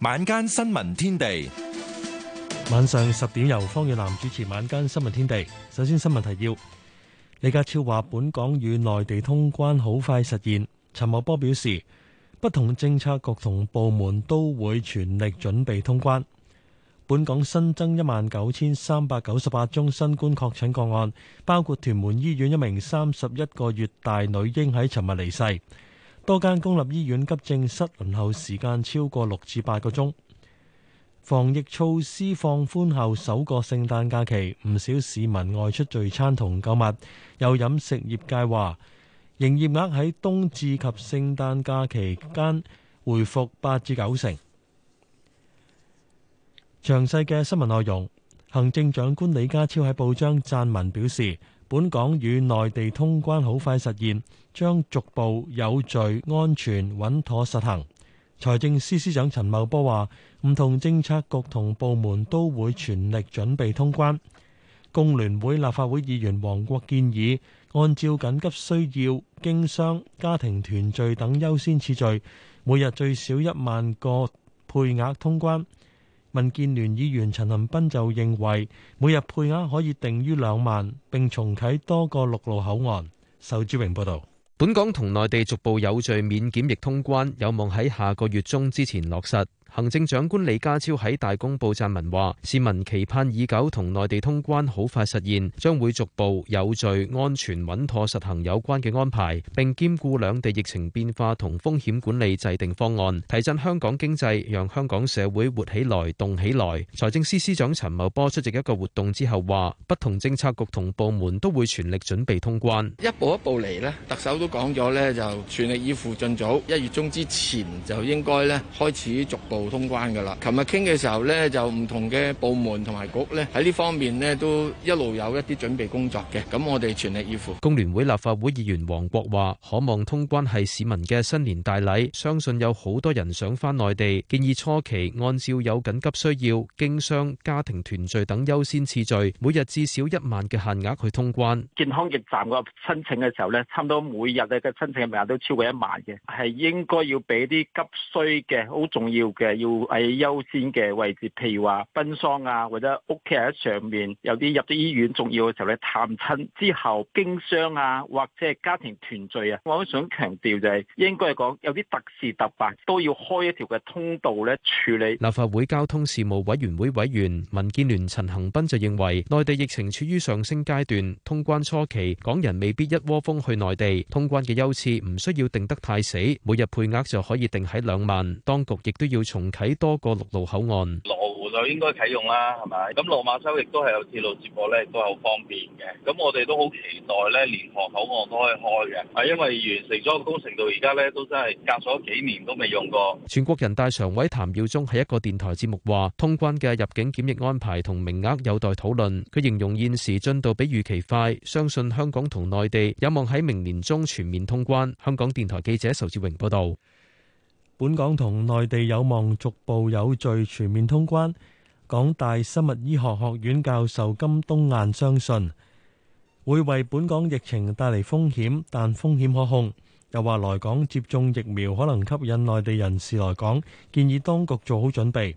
晚間新聞天地，晚上十點由方宇南主持。晚間新聞天地，首先，新聞提要：李家超話，本港與內地通關好快實現。陳茂波表示，不同政策局同部門都會全力準備通關。本港新增一萬九千三百九十八宗新冠確診個案，包括屯門醫院一名三十一個月大女嬰喺尋日離世。多間公立醫院急症室輪候時間超過六至八個鐘。防疫措施放寬後，首個聖誕假期，唔少市民外出聚餐同購物。有飲食業界話，營業額喺冬至及聖誕假期間回復八至九成。詳細嘅新聞內容，行政長官李家超喺報章撰文表示，本港與內地通關好快實現，將逐步有序、安全、穩妥實行。財政司司長陳茂波話，唔同政策局同部門都會全力準備通關。工聯會立法會議員黃國建議，按照緊急需要、經商、家庭團聚等優先次序，每日最少一萬個配額通關。民建聯議員陳恒鑌就認為，每日配額可以定於兩萬，並重啟多個陸路口岸。仇志榮報道，本港同內地逐步有序免檢疫通關，有望喺下個月中之前落實。行政長官李家超喺大公報撰文話：市民期盼已久同內地通關好快實現，將會逐步有序、安全、穩妥實行有關嘅安排，並兼顧兩地疫情變化同風險管理，制定方案，提振香港經濟，讓香港社會活起來、動起來。財政司司長陳茂波出席一個活動之後話：不同政策局同部門都會全力準備通關，一步一步嚟咧。特首都講咗咧，就全力以赴盡早，一月中之前就應該咧開始逐步。冇通關㗎啦！琴日傾嘅時候呢，就唔同嘅部門同埋局呢，喺呢方面呢都一路有一啲準備工作嘅。咁我哋全力以赴。工聯會立法會議員黃國華，可望通關係市民嘅新年大禮，相信有好多人想返內地。建議初期按照有緊急需要、經商、家庭團聚等優先次序，每日至少一萬嘅限額去通關。健康驛站個申請嘅時候呢，差唔多每日嘅申請嘅人數都超過一萬嘅，係應該要俾啲急需嘅、好重要嘅要喺優先嘅位置，譬如話奔喪啊，或者屋企喺上面有啲入咗醫院重要嘅時候咧，探親之後經商啊，或者係家庭團聚啊，我都想強調就係應該係講有啲特事特辦都要開一條嘅通道咧處理。立法會交通事務委員會委員民建聯陳恆斌就認為，內地疫情處於上升階段，通關初期港人未必一窩蜂去內地，通關嘅優次唔需要定得太死，每日配額就可以定喺兩萬，當局亦都要，重啟多個陸路口岸，羅湖就應該啟用啦，係咪？咁落馬洲亦都係有鐵路接駁咧，都係好方便嘅。咁我哋都好期待咧，蓮塘口岸都可以開嘅。係因為完成咗個工程到而家咧，都真係隔咗幾年都未用過。全國人大常委譚耀宗喺一個電台節目話，通關嘅入境檢疫安排同名額有待討論。佢形容現時進度比預期快，相信香港同內地有望喺明年中全面通關。香港電台記者仇志榮報道。本港同內地有望逐步有序全面通關。港大生物醫學學院教授金冬雁相信，會為本港疫情帶嚟風險，但風險可控。又話來港接種疫苗可能吸引內地人士來港，建議當局做好準備。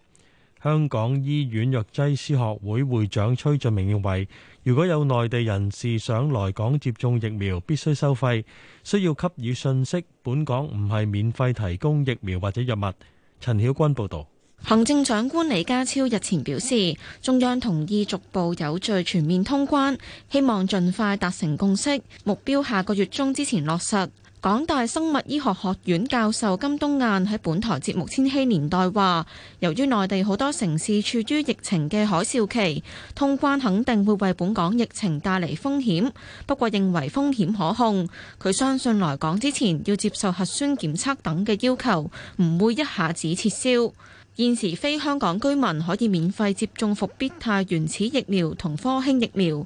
香港醫院藥劑師學會會長崔俊明認為，如果有內地人士想來港接種疫苗，必須收費，需要給予信息。本港唔係免費提供疫苗或者藥物。陳曉君報道。行政長官李家超日前表示，中央同意逐步有序全面通關，希望盡快達成共識，目標下個月中之前落實。港大生物醫學學院教授金冬燕喺本台節目《千禧年代》話，由於內地好多城市處於疫情嘅海嘯期，通關肯定會為本港疫情帶嚟風險，不過認為風險可控，佢相信來港之前要接受核酸檢測等嘅要求，唔會一下子撤銷，現時非香港居民可以免費接種復必泰原始疫苗同科興疫苗。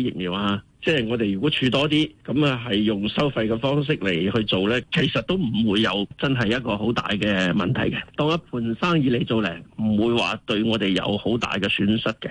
疫苗啊，即係、 就是、我哋如果儲多啲，咁啊係用收費嘅方式嚟去做咧，其實都唔會有真係一個好大嘅問題嘅，當一盤生意嚟做咧，唔會話對我哋有好大嘅損失嘅。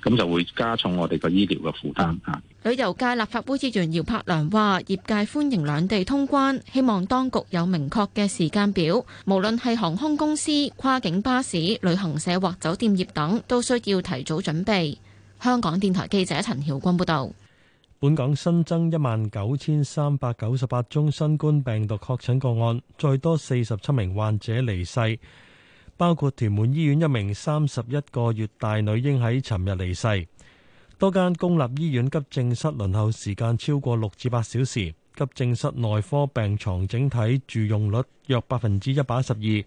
咁就會加重我哋個醫療嘅負擔。旅遊界立法會議員姚柏良話：業界歡迎兩地通關，希望當局有明確嘅時間表。無論係航空公司、跨境巴士、旅行社或酒店業等，都需要提早準備。香港電台記者陳曉君報導。本港新增一萬九千三百九十八宗新冠病毒確診個案，再多四十七名患者離世。包括屯門醫院一名三十一個月大女嬰喺尋日離世，多間公立醫院急症室輪候時間超過六至八小時，急症室內科病床整體住用率約百分之一百一十二。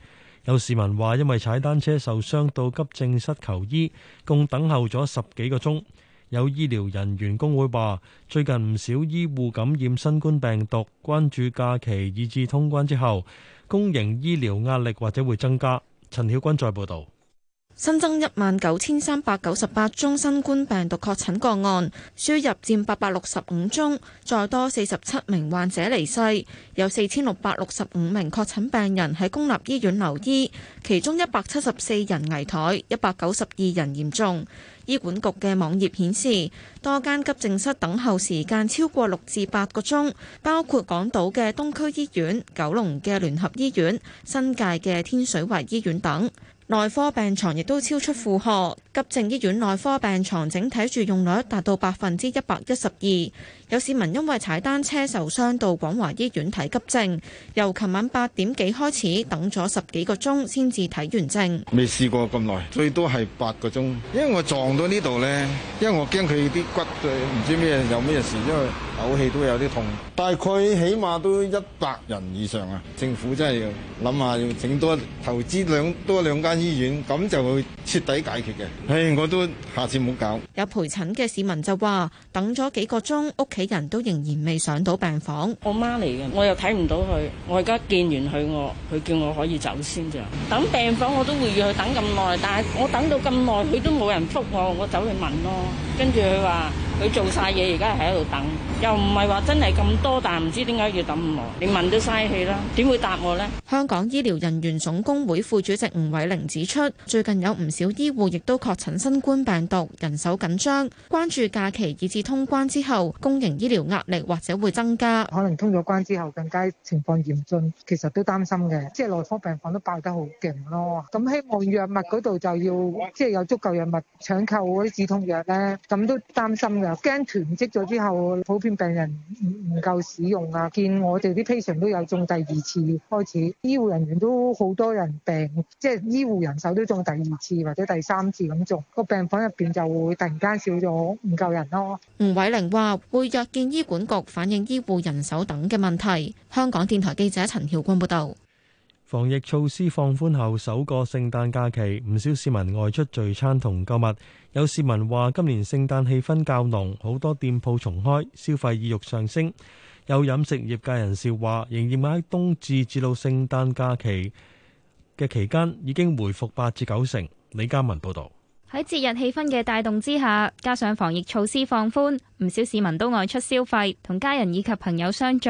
有市民話，因為踩單車受傷到急症室求醫，共等候咗十幾個鐘。有醫療人員工會話，最近唔少醫護感染新冠病毒，關注假期以至通關之後，公營醫療壓力或者會增加。陳曉君再報道。新增一萬九千三百九十八宗新冠病毒確診個案，輸入占八百六十五宗，再多四十七名患者離世，有四千六百六十五名確診病人喺公立醫院留醫，其中一百七十四人危殆，一百九十二人嚴重。醫管局嘅網頁顯示，多間急症室等候時間超過六至八個鐘，包括港島嘅東區醫院、九龍嘅聯合醫院、新界嘅天水圍醫院等。內科病床亦都超出負荷，急症醫院內科病床整體住用率達到百分之一百一十二。有市民因為踩單車受傷到廣華醫院睇急症，由琴晚八點幾開始等咗十幾個鐘，先至睇完症。未試過咁耐，最多係八個鐘。因為我撞到呢度呢，因為我驚佢啲骨對唔知咩有咩事，因為口氣都有啲痛。大概起碼都一百人以上啊！政府真係要諗下，要整多投資兩多兩間醫院，咁就會徹底解決嘅。唉、哎，我都下次冇搞。有陪診嘅市民就話。等咗幾個鐘，屋企人都仍然未上到病房。我媽嚟嘅，我又睇唔到佢。我而家見完佢，我佢叫我可以走先咋，等病房我都會要等咁耐，但係我等到咁耐，佢都冇人覆我，我走去問咯。跟住佢話佢做晒嘢，而家係喺度等，又唔係話真係咁多，但係唔知點解要等咁耐。你問都嘥氣啦，點會答我呢？香港醫療人員總工會副主席吳偉玲指出，最近有唔少醫護亦都確診新冠病毒，人手緊張，關注假期以至通關之後，公營醫療壓力或者會增加，可能通咗關之後更加情況嚴峻，其實都擔心嘅。即係內科病房都爆得好勁咯，咁希望藥物嗰度就要即係有足夠藥物搶購嗰啲止痛藥咧。咁都擔心嘅，驚囤積咗之後，普遍病人唔唔夠使用啊！見我哋啲 patient 都有中第二次開始，醫護人員都好多人病，即係醫護人手都中第二次或者第三次咁中，個病房入邊就會突然間少咗唔夠人咯。吳偉玲話會約見醫管局反映醫護人手等嘅問題。香港電台記者陳曉君報道，防疫措施放寬後首個聖誕假期，唔少市民外出聚餐同購物。有市民話：今年聖誕氣氛較濃，好多店鋪重開，消費意欲上升。有飲食業界人士話，營業喺冬至至到聖誕假期嘅期間已經回復八至九成。李嘉文報導，喺節日氣氛嘅帶動之下，加上防疫措施放寬，唔少市民都外出消費，同家人以及朋友相聚。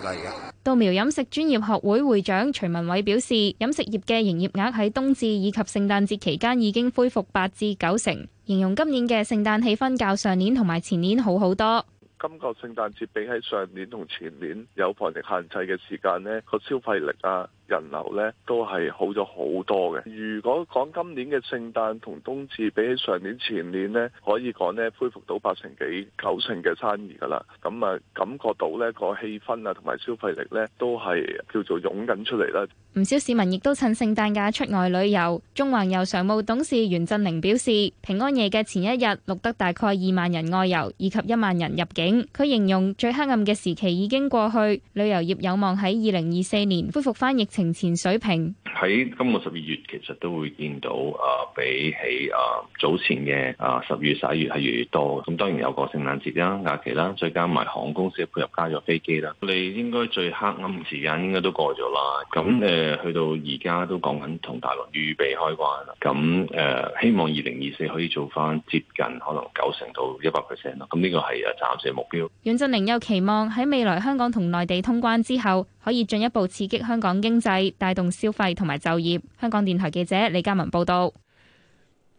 稻苗飲食專業學會會長徐文偉表示，飲食業嘅營業額喺冬至以及聖誕節期間已經恢復八至九成，形容今年嘅聖誕氣氛較上年同埋前年好好多。今個聖誕節比喺上年同前年有防疫限制嘅時間，呢個消費力啊。人流呢都係好咗好多嘅。如果講今年嘅聖誕同冬至比起上年前年呢，可以講呢恢復到八成幾九成嘅生意噶啦。咁啊，感覺到呢個氣氛啊同埋消費力呢都係叫做湧緊出嚟啦。唔少市民亦都趁聖誕假出外旅遊，中環遊常務董事袁振寧表示，平安夜嘅前一日錄得大概二萬人外遊以及一萬人入境。佢形容最黑暗嘅時期已經過去，旅遊業有望喺二零二四年恢復翻疫情。平前水平喺今個十二月，其實都會見到啊，比起啊早前嘅啊十月、十一月係越嚟越多。咁當然有個聖誕節啦、假期啦，再加埋航空公司嘅配合加咗飛機啦。你應該最黑暗時間應該都過咗啦。咁誒，去到而家都講緊同大陸預備開關啦。咁誒，希望二零二四可以做返接近可能九成到一百 percent 咯。咁呢個係啊暫時嘅目標。楊振寧又期望喺未來香港同內地通關之後，可以進一步刺激香港經濟，帶動消費同埋就業。香港電台記者李嘉文報道，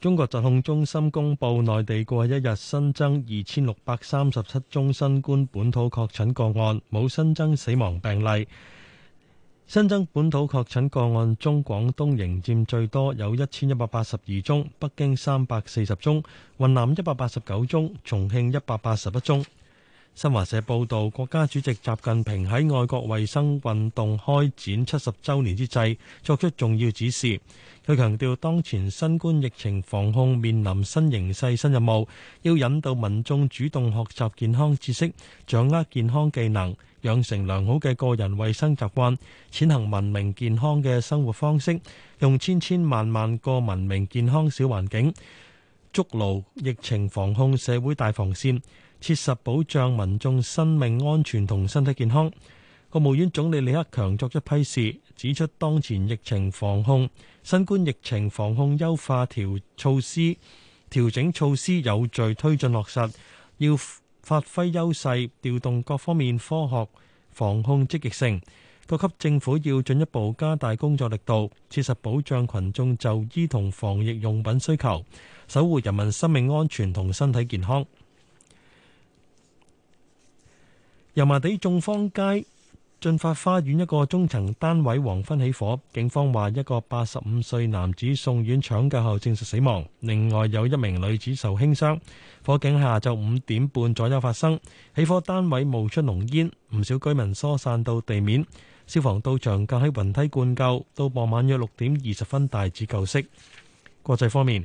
中國疾控中心公布內地過去一日新增二千六百三十七宗新冠本土確診個案，冇新增死亡病例。新增本土確診個案中，廣東仍佔最多，有一千一百八十二宗；北京三百四十宗，雲南一百八十九宗，重慶一百八十一宗。新華社報道，國家主席習近平喺愛國衛生運動開展七十週年之際作出重要指示。佢強調，當前新冠疫情防控面臨新形勢、新任務，要引導民眾主動學習健康知識，掌握健康技能，養成良好嘅個人衛生習慣，踐行文明健康嘅生活方式，用千千萬萬個文明健康小環境，築牢疫情防控社會大防線。切實保障民眾生命安全同身體健康。國務院總理李克強作出批示，指出當前疫情防控、新冠疫情防控優化調措施、調整措施有序推進落實，要發揮優勢，調動各方面科學防控積極性。各級政府要進一步加大工作力度，切實保障群眾就醫同防疫用品需求，守護人民生命安全同身體健康。油麻地眾坊街駿發花園一個中層單位黃昏起火，警方話一個八十五歲男子送院搶救後證實死亡，另外有一名女子受輕傷。火警下晝五點半左右發生，起火單位冒出濃煙，唔少居民疏散到地面。消防到場架起雲梯灌救，到傍晚約六點二十分大致救熄。國際方面。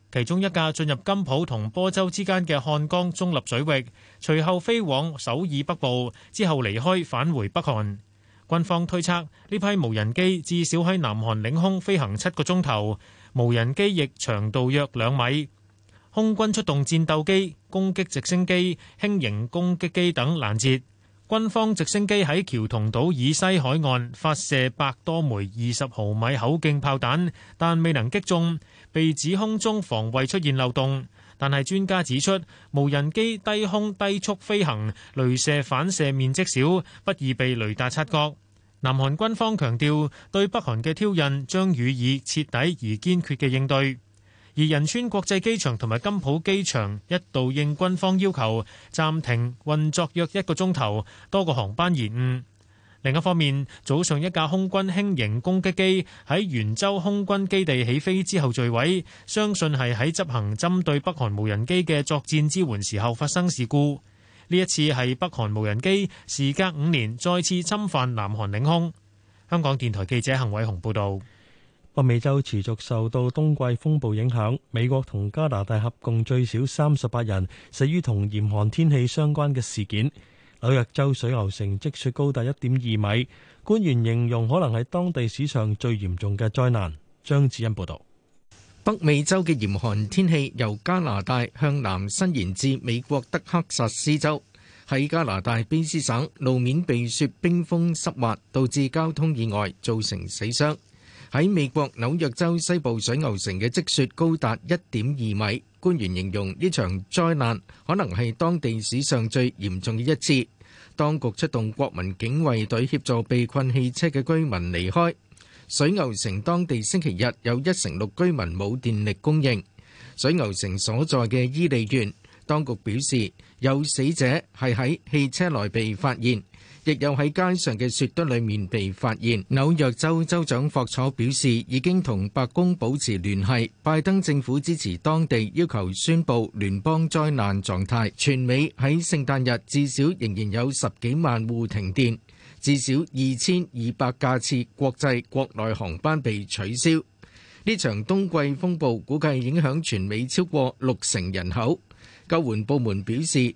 其中一架進入金浦同波州之間嘅漢江中立水域，隨後飛往首爾北部，之後離開返回北韓。軍方推測呢批無人機至少喺南韓領空飛行七個鐘頭，無人機翼長度約兩米。空軍出動戰鬥機、攻擊直升機、輕型攻擊機等攔截。軍方直升機喺喬桐島以西海岸發射百多枚二十毫米口徑炮彈，但未能擊中，被指空中防衛出現漏洞。但係專家指出，無人機低空低速飛行，雷射反射面積少，不易被雷達察覺。南韓軍方強調，對北韓嘅挑釁將予以徹底而堅決嘅應對。而仁川國際機場同埋金浦機場一度應軍方要求暫停運作約一個鐘頭，多個航班延誤。另一方面，早上一架空軍輕型攻擊機喺元州空軍基地起飛之後墜毀，相信係喺執行針對北韓無人機嘅作戰支援時候發生事故。呢一次係北韓無人機時隔五年再次侵犯南韓領空。香港電台記者陳偉雄報道。北美洲持續受到冬季風暴影響，美國同加拿大合共最少三十八人死於同嚴寒天氣相關嘅事件。紐約州水牛城積雪高達一點二米，官員形容可能係當地史上最嚴重嘅災難。張子欣報導。北美洲嘅嚴寒天氣由加拿大向南伸延至美國德克薩斯州。喺加拿大卑斯省，路面被雪冰封濕滑，導致交通意外，造成死傷。喺美國紐約州西部水牛城嘅積雪高達一點二米，官員形容呢場災難可能係當地史上最嚴重嘅一次。當局出動國民警衛隊協助被困汽車嘅居民離開。水牛城當地星期日有一成六居民冇電力供應。水牛城所在嘅伊利縣當局表示，有死者係喺汽車內被發現。亦有喺街上嘅雪堆裏面被發現。紐約州州長霍楚表示，已經同白宮保持聯繫。拜登政府支持當地要求宣佈聯邦災難狀態。全美喺聖誕日至少仍然有十幾萬戶停電，至少二千二百架次國際國內航班被取消。呢場冬季風暴估計影響全美超過六成人口。救援部門表示。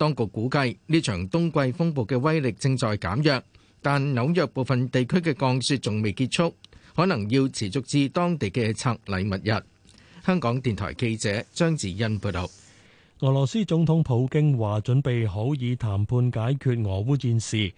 當局估計呢場冬季風暴嘅威力正在減弱，但紐約部分地區嘅降雪仲未結束，可能要持續至當地嘅拆禮物日。香港電台記者張子欣報道。俄羅斯總統普京話準備好以談判解決俄烏戰事。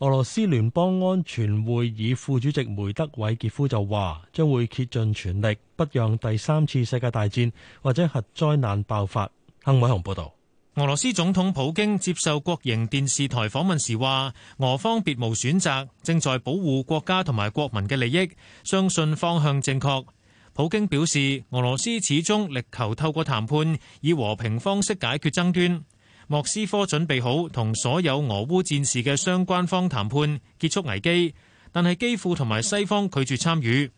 俄羅斯聯邦安全會議副主席梅德韋傑夫就話將會竭盡全力，不讓第三次世界大戰或者核災難爆發。幸偉雄報道。俄羅斯總統普京接受國營電視台訪問時話，俄方別無選擇，正在保護國家同埋國民嘅利益，相信方向正確。普京表示，俄羅斯始終力求透過談判以和平方式解決爭端。莫斯科準備好同所有俄烏戰事嘅相關方談判結束危機，但係基輔同埋西方拒絕參與。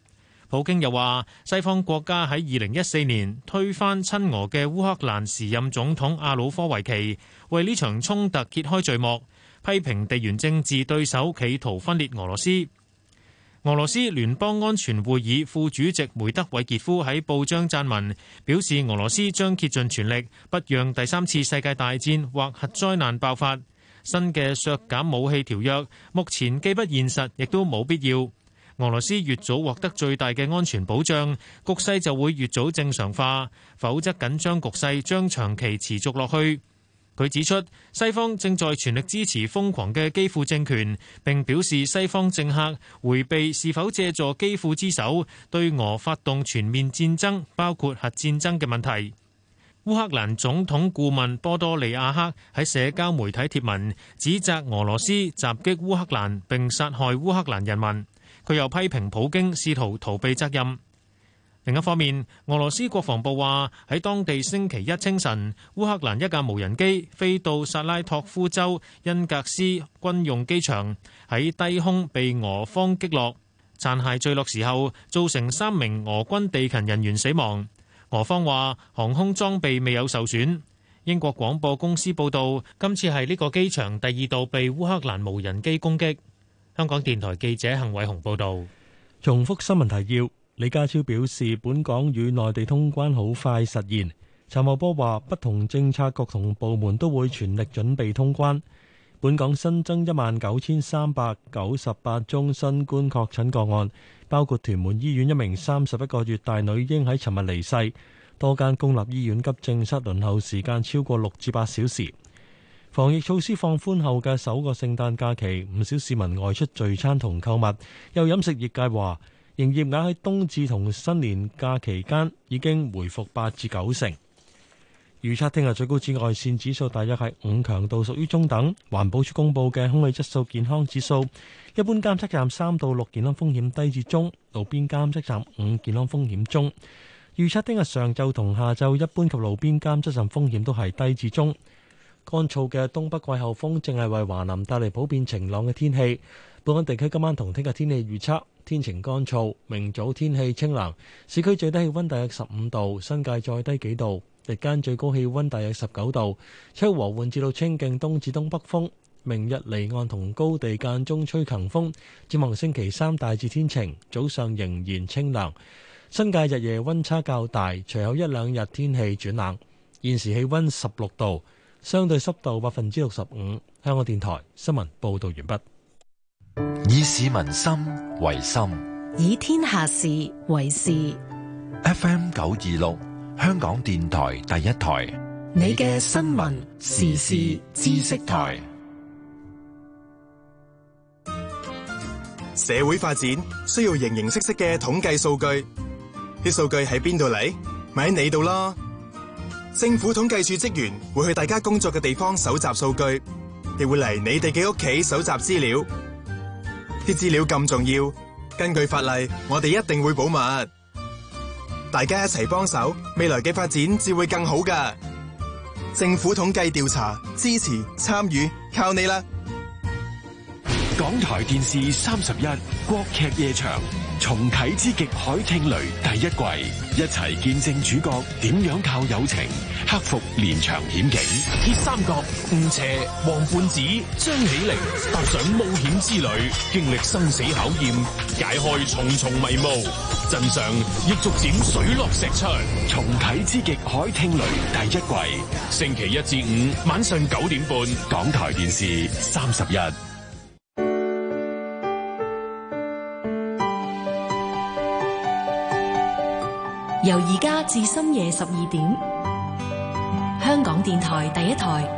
普京又話：西方國家喺二零一四年推翻親俄嘅烏克蘭時任總統亞努科維奇，為呢場衝突揭開序幕，批評地緣政治對手企圖分裂俄羅斯。俄羅斯聯邦安全會議副主席梅德韋傑夫喺報章撰文表示：俄羅斯將竭盡全力，不讓第三次世界大戰或核災難爆發。新嘅削減武器條約目前既不現實，亦都冇必要。俄羅斯越早獲得最大嘅安全保障，局勢就會越早正常化，否則緊張局勢將長期持續落去。佢指出，西方正在全力支持瘋狂嘅基輔政權，並表示西方政客回避是否借助基輔之手對俄發動全面戰爭，包括核戰爭嘅問題。烏克蘭總統顧問波多利亞克喺社交媒體貼文，指責俄羅斯襲擊烏克蘭並殺害烏克蘭人民。佢又批評普京試圖逃避責任。另一方面，俄羅斯國防部話喺當地星期一清晨，烏克蘭一架無人機飛到薩拉托夫州恩格斯軍用機場，喺低空被俄方擊落，殘骸墜落時候造成三名俄軍地勤人員死亡。俄方話航空裝備未有受損。英國廣播公司報道，今次係呢個機場第二度被烏克蘭無人機攻擊。香港電台記者邢偉雄報道，重複新聞提要。李家超表示，本港與內地通關好快實現。陳茂波話，不同政策局同部門都會全力準備通關。本港新增一萬九千三百九十八宗新冠確診個案，包括屯門醫院一名三十一個月大女嬰喺尋日離世。多間公立醫院急症室輪候時間超過六至八小時。防疫措施放寬後嘅首個聖誕假期，唔少市民外出聚餐同購物。又飲食業界話營業額喺冬至同新年假期間已經回復八至九成。預測聽日最高紫外線指數大約係五強度，屬於中等。環保署公布嘅空氣質素健康指數，一般監測站三到六健康風險低至中，路邊監測站五健康風險中。預測聽日上晝同下晝，一般及路邊監測站風險都係低至中。乾燥嘅東北季候風正係為華南帶嚟普遍晴朗嘅天氣。本港地區今晚同聽日天氣預測，天晴乾燥，明早天氣清涼，市區最低氣温大約十五度，新界再低幾度，日間最高氣温大約十九度，吹和緩至到清勁東至東北風。明日離岸同高地間中吹強風，展望星期三大致天晴，早上仍然清涼，新界日夜温差較大，隨後一兩日天氣轉冷。現時氣温十六度。相對濕度百分之六十五。香港電台新聞報道完畢。以市民心為心，以天下事為事。FM 九二六，香港電台第一台。你嘅新聞時事知識台。社會發展需要形形色色嘅統計數據，啲數據喺邊度嚟？咪喺你度啦。政府統計處職員會去大家工作嘅地方搜集數據，亦會嚟你哋嘅屋企搜集資料。啲資料咁重要，根據法例，我哋一定會保密。大家一齊幫手，未來嘅發展至會更好㗎。政府統計調查，支持參與，靠你啦！港台電視三十一，國劇夜場。重啟之極海聽雷第一季，一齊見證主角點樣靠友情克服連場險境。鐵三角、吳邪、王胖子、張起靈踏上冒險之旅，經歷生死考驗，解開重重迷霧，真相亦逐漸水落石出。重啟之極海聽雷第一季，星期一至五晚上九點半，港台電視三十一。由而家至深夜十二點，香港電台第一台。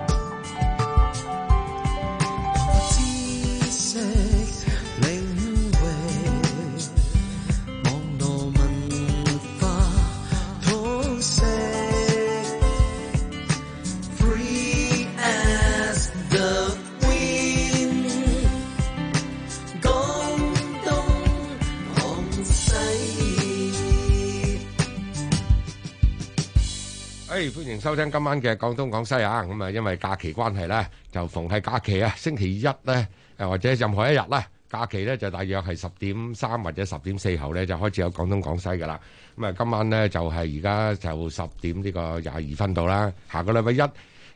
歡迎收聽今晚嘅廣東廣西啊！咁啊，因為假期關係咧，就逢係假期啊，星期一咧，誒或者任何一日咧，假期咧就大約係十點三或者十點四後咧就開始有廣東廣西噶啦。咁啊，今晚咧就係而家就十點呢個廿二分度啦。下個禮拜一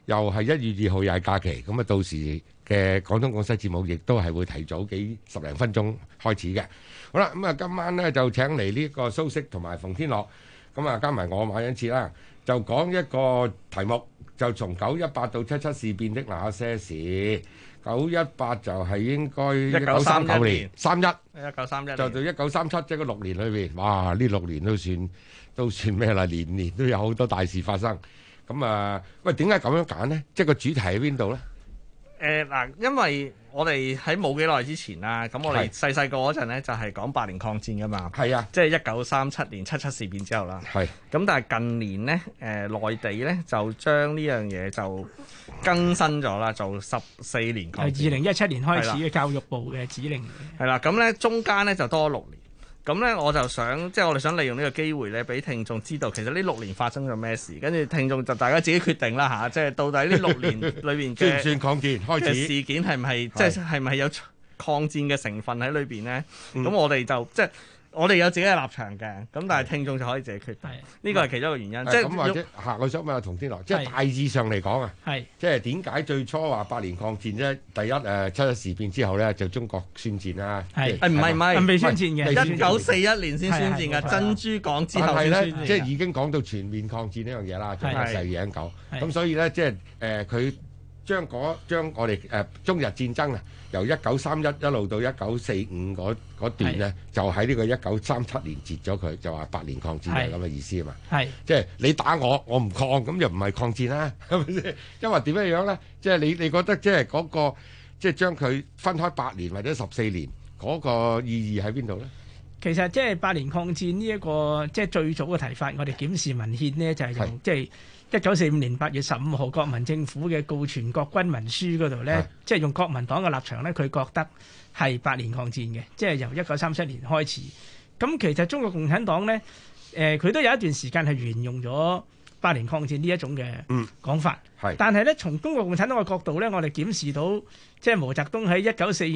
又係一月二號又係假期，咁啊到時嘅廣東廣西節目亦都係會提早幾十零分鐘開始嘅。好啦，咁啊今晚咧就請嚟呢個蘇軾同埋馮天樂，咁啊加埋我馬永熾啦。就講一個題目，就從九一八到七七事變的那些事。九一八就係應該一九三九年三一，一九三一就到一九三七，即係個六年裏面。哇！呢六年都算都算咩啦？年年都有好多大事發生。咁啊，喂，點解咁樣揀呢？即係個主題喺邊度呢？誒嗱，因為我哋喺冇幾耐之前啦，咁我哋細細個嗰陣咧，就係講八年抗戰㗎嘛，係啊的，即係一九三七年七七事變之後啦，係的。咁但係近年咧，誒內地咧就將呢樣嘢就更新咗啦，做十四年抗戰。係二零一七年開始嘅教育部嘅指令，係啦。咁咧中間咧就多六年。咁咧，我就想，即係我哋想利用呢個機會咧，俾聽眾知道，其實呢六年發生咗咩事，跟住聽眾就大家自己決定啦吓，即係到底呢六年裏邊 算唔算抗戰開始事件，係唔係，即係係咪有抗戰嘅成分喺裏邊咧？咁我哋就即係。我哋有自己嘅立場嘅，咁但係聽眾就可以自己決定，呢個係其中一個原因。即係咁或者嚇，我想問下同天來，即係大致上嚟講啊，即係點解最初話八年抗戰咧？第一誒七七事變之後咧，就中國宣戰啦。係誒唔係唔係未宣戰嘅，一九四一年先宣戰嘅珍珠港之後先宣戰。即係已經講到全面抗戰呢樣嘢啦，從細已經講。咁所以咧，即係誒佢。將嗰將我哋誒、呃、中日戰爭啊，由一九三一一路到一九四五嗰段咧是，就喺呢個一九三七年截咗佢，就話八年抗戰係咁嘅意思啊嘛。係是，即係你打我，我唔抗，咁又唔係抗戰啦，係咪先？因為點樣樣咧？即係你你覺得即係嗰、嗰個即係將佢分開八年或者十四年嗰、嗰個意義喺邊度咧？其實即係八年抗戰呢、這、一個即係、就是、最早嘅提法，我哋檢視文獻呢，就係、是、用即係。是是一九四五年八月十五號國民政府嘅告全國軍民書度咧，是即係用國民黨嘅立場咧，佢覺得係八年抗戰嘅，即係由一九三七年開始。咁其實中國共產黨咧，誒、呃、佢都有一段時間係沿用咗八年抗戰呢一種嘅嗯講法。係、嗯，但係咧，從中國共產黨嘅角度咧，我哋檢視到，即係毛澤東喺一九四。